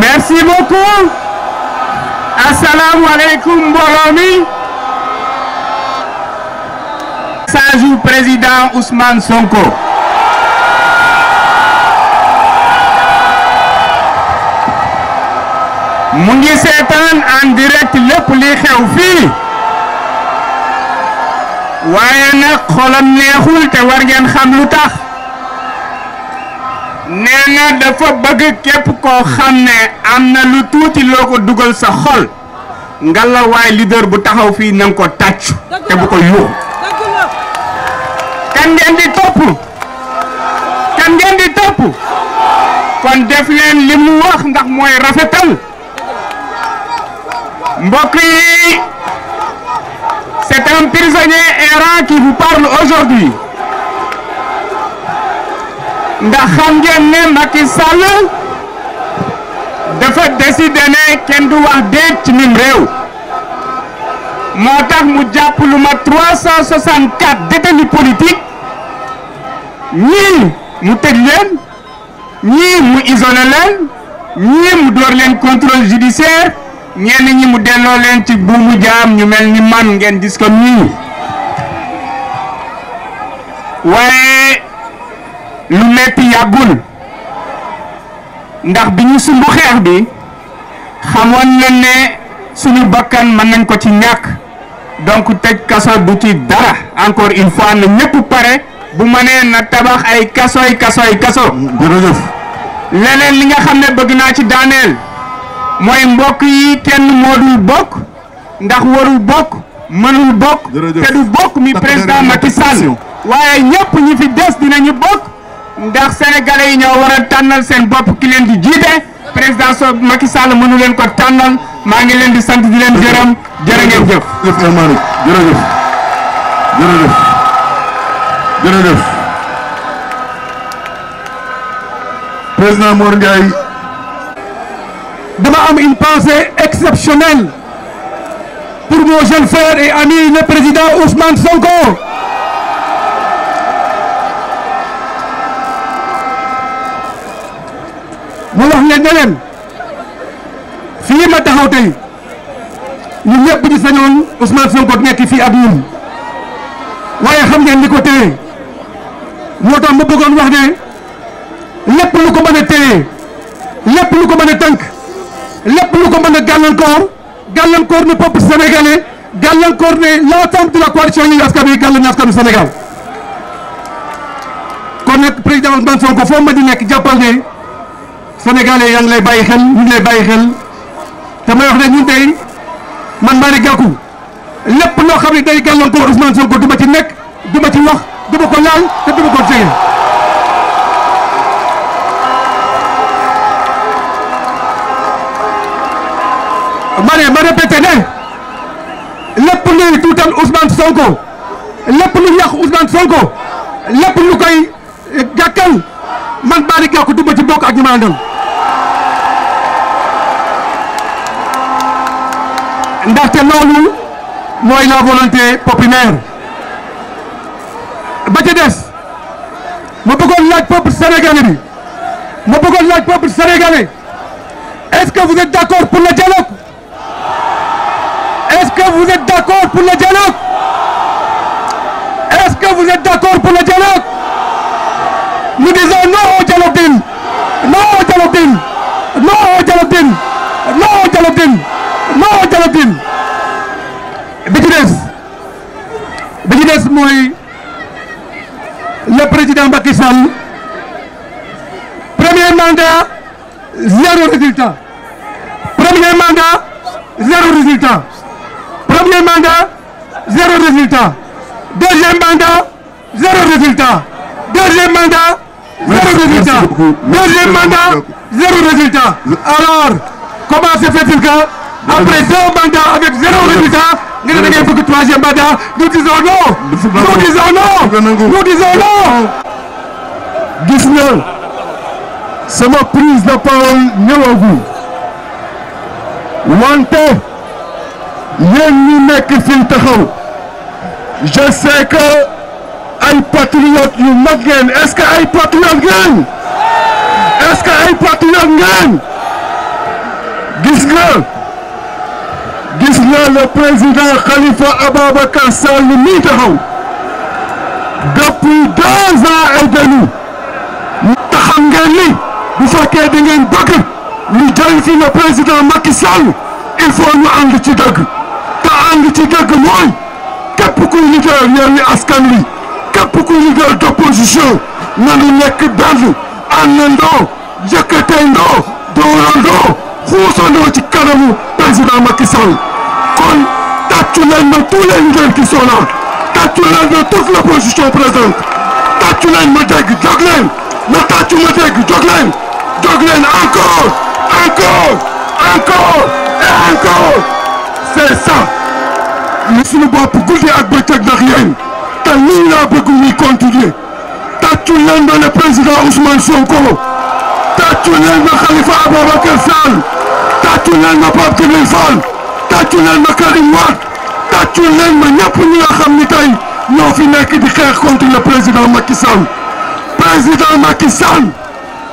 merci beaucoup asalaamualeykum mbooloo mi message u président Ousmane Sonko mu seetaan en direct lépp li xew fii waaye nag neexul te war ngeen nee na dafa bëgg képp koo xam ne am na lu tuuti loo ko dugal sa xol nga la waay leader bu taxaw fii na ko tàcc te bu ko yuux kan ngeen topp kon def leen li wax ndax mooy rafetal mbokk yi c'est un prisonnier errant qui vous parle aujourd'hui ndax xam ngeen ne Macky dafa décidé ne kenn du wax déet ci mim réew moo tax mu jàpp lu ma 364 détenus politiques ñii mu tëj leen ñii mu isolé leen ñii mu door leen contrôle judiciaire ñenn ñi mu delloo leen ci buumu jaam ñu mel ni man ngeen gis ko waaye lu metti yàggul ndax bi ñu sumb xeex bi xamoon na ne suñu bakkan mën nañ ko ci ñàkk donc tëj kaso du ci dara encore une fois na ñëpp pare bu mënee na tabax ay kasoy kasoy kaso. jërëjëf. leneen li nga xam ne bëgg naa ci daaneel mooy mbokk yi kenn moo dul bokk ndax warul bokk mënul bokk. te du bokk mi président Macky Sall. waaye ñëpp ñi fi des dinañu bokk. ndax sénégalais yi ñoo war a tànnal seen bopp ki leen di jiite président so Macky Sall mënu leen ko tànnal maa ngi leen di sant di leen gërëm jërë ngeen jëf. jërëjëf président Mor Ndiaye. dama am une pensée exceptionnelle pour nos jeunes frères et amis le président Ousmane Sonko. mu wax leen ne leen fii ma taxaw tey ñun ñëpp ñu sañoon Ousmane Sonko nekk fii ak ñun waaye xam ngeen ni ko téye moo tax mu bëggoon wax ne lépp lu ko mën a téye lépp lu ko tank a tënk lépp lu ko mën a koor gàllankoor ne peuple sénégalais koor ne la de la coalition yi askan wi gàllan askanu Sénégal kon nag président Ousmane Sonko foo ma di nekk jàppal ne sénégalais yaa ngi lay bàyyi xel ñu ngi lay bàyyi xel te may ne ñun tey man Malick Gakou lépp loo xam ne day gàllankoor Ousmane Sonko du ma ci nekk du ma ci wax du ma ko laal te du ma ko jege. ma ne ma répété ne lépp luy tuutal Ousmane Sonko lépp lu yàq Ousmane Sonko lépp lu koy man Malick Gakou du ma ci bokk ak ñi ndaxte loolu mooy la volonté populaire ba ca des ma bëggoon laaj peuple sénégalais bi ma bëggoon est-ce que vous êtes d'accord pour le dialogue est-ce que vous êtes d'accord pour le dialogue nous disons non au dialogue digne non au dialogue digne non au dialogue digne bi ci des bi ci des mooy le président Macky Sall premier mandat zéro résultat premier mandat zéro résultat premier mandat zéro résultat deuxième mandat zéro résultat deuxième mandat zéro résultat deuxième mandat zéro résultat alors comment se fait-il que après deux mandats avec zéro résultat nga ne da ngay gis nga sama prise de parole ñëwagul wante yéen ñi nekk fii taxaw je sais que ay patriotes yu mag ngeen est-ce que ay patriotes ngeen est-ce ay patriotes ngeen gis nga. na le président Khalifa Ababacar Sall mii taxaw depuis deux ans et demi taxaw ni bu fekkee da ngeen bëgg ñu jël fi président Macky Sall il faut ñu ci dëgg te ànd ci dëgg mooy képp kuy leader Yewwi Askan Wi képp kuy leader d'opposition nanu nekk benn àndandoo yëkkatandoo dóorandoo xuusandoo ci kanamu président Macky kon tàccu leen ma tous les leaders qui sont là tàccu leen ma toute l'opposition présente tàccu leen ma dégg jóg leen ma tàccu ma dégg jóg leen encore encore encore et encore c'est ça li suñu bopp guddi ak bëccëg ndax te lii laa bëgg ñuy continuer tàccu leen ma le président Ousmane Sonko tàccu leen ma Khalifa Ababacar Sall tàccu leen ma Pape Djibril Fall tàccu leen ma Karim ma ñëpp ñi nga xam ni tey nekk di xeex contre le président Macky Sall président Macky Sall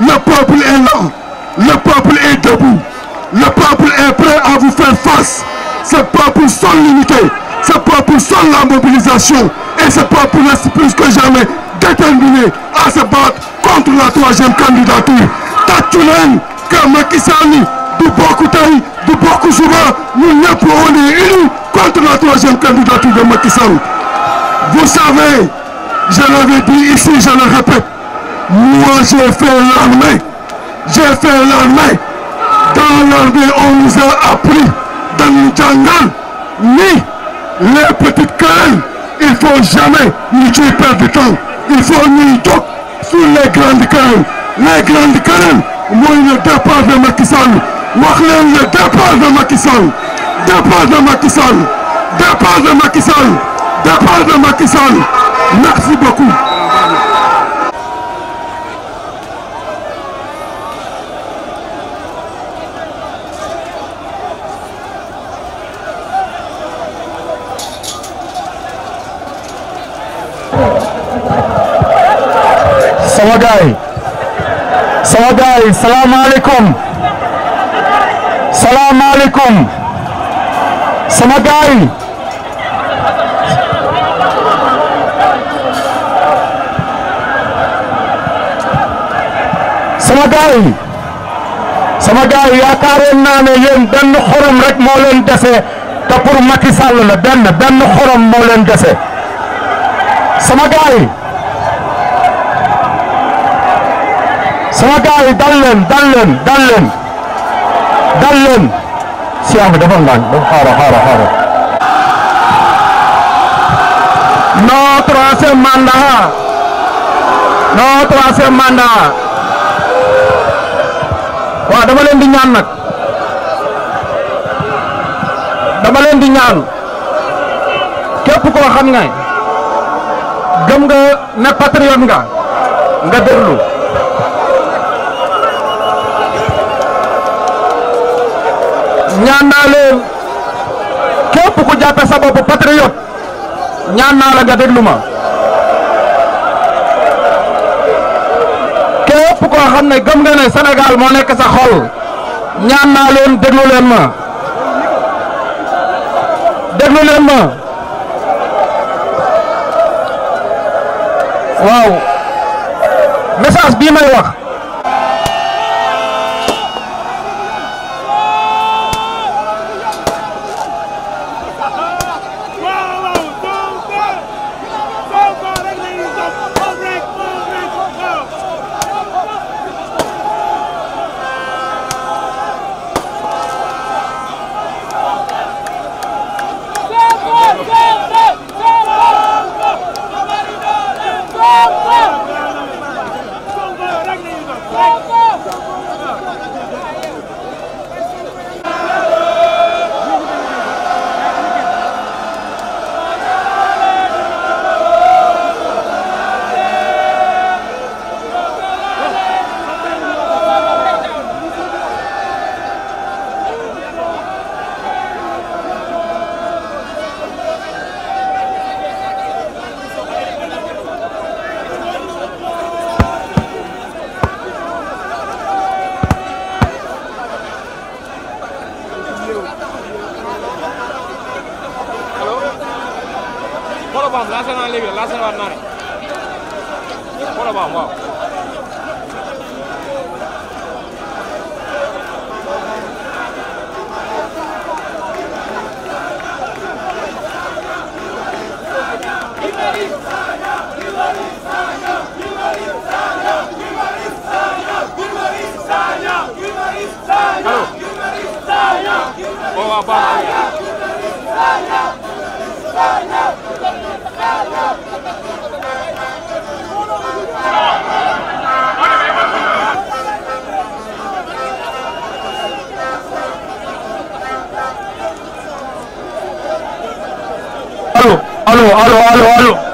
le peuple est là le peuple est debout le peuple est prêt à vous faire face ce peuple sans l'unité ce peuple sans la mobilisation et ce peuple reste plus que jamais déterminé à se battre contre la troisième candidature tàccu que Macky du bokk tey du bokk suba ñun ñëpp on est unis contre la troisième candidature de Macky vous savez je l'avais dit ici je le répète moi j'ai fait l'armée j'ai fait l'armée dans l'armée on nous a appris dañu jàngal ni les petites querelles il faut jamais ñu ciy perdre temps il faut ñuy jóg sur les grandes querelles les grandes querelles mooy le départ de Macky wax leen ne départ de Macky Sall départ de Macky Sall départ de Macky Sall départ de Macky Sall merci beaucoup. sama gaay sama gaay salaamaaleykum asalaamaaleykum sama gaay sama gaay sama gaay naa ne yéen benn xorom rek moo leen dese te pour Macky Sall benn xorom moo leen dese sama gaay sama gaay dal leen si Ahmed dafa ndànk dafa xaaral xaaral xaaral. non troisième mandat non troisième mandat dama leen di ñaan nag dama leen di ñaan képp koo xam nga gëm nga ne patriote nga nga déglu. ñaan naa leen képp ku jàppe sa bopp patriote ñaan naa la nga déglu ma képp koo xam ne gëm nga ne Sénégal moo nekk sa xol ñaan naa leen déglu leen ma déglu leen ma waaw message bii may wax Colobane lancé naa léegi lancé allo allo allo allo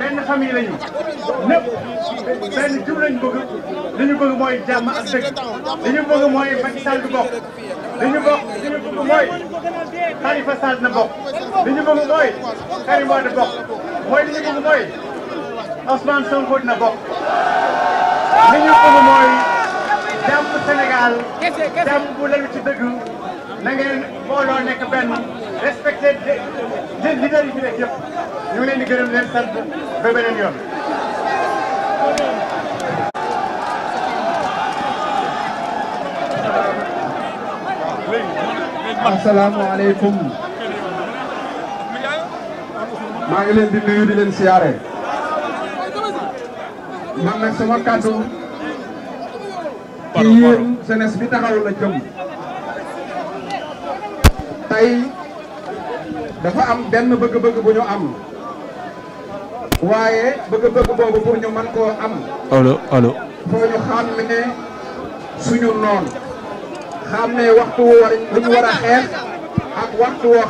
benn famille lañu benn jur lañu bëgg mooy jàmm ak dëgg li ñu bëgg mooy Macky Sall du bokk li ñu bokk mooy Khalifa Sall na bokk li ñu bëgg mooy Karim Wade bokk mooy li ñu bëgg mooy Ousmane Sonko dina bokk li ñu bëgg mooy jàmm Sénégal jàmm bu lalu ci dëgg na ngeen booloo nekk respecté les leaders yi ngi leen di gërëm leen di leen siyaare. man nag sama kàddu. ci yéen jeunesse bi taxaw la jëm. tey. dafa am benn bëgg-bëgg bu ñu am waaye bëgg-bëgg boobu pour ñu mën koo am. allo allo. foo ñu xam ne suñu noon xam ne waxtu wu war war a xeex ak waxtu woo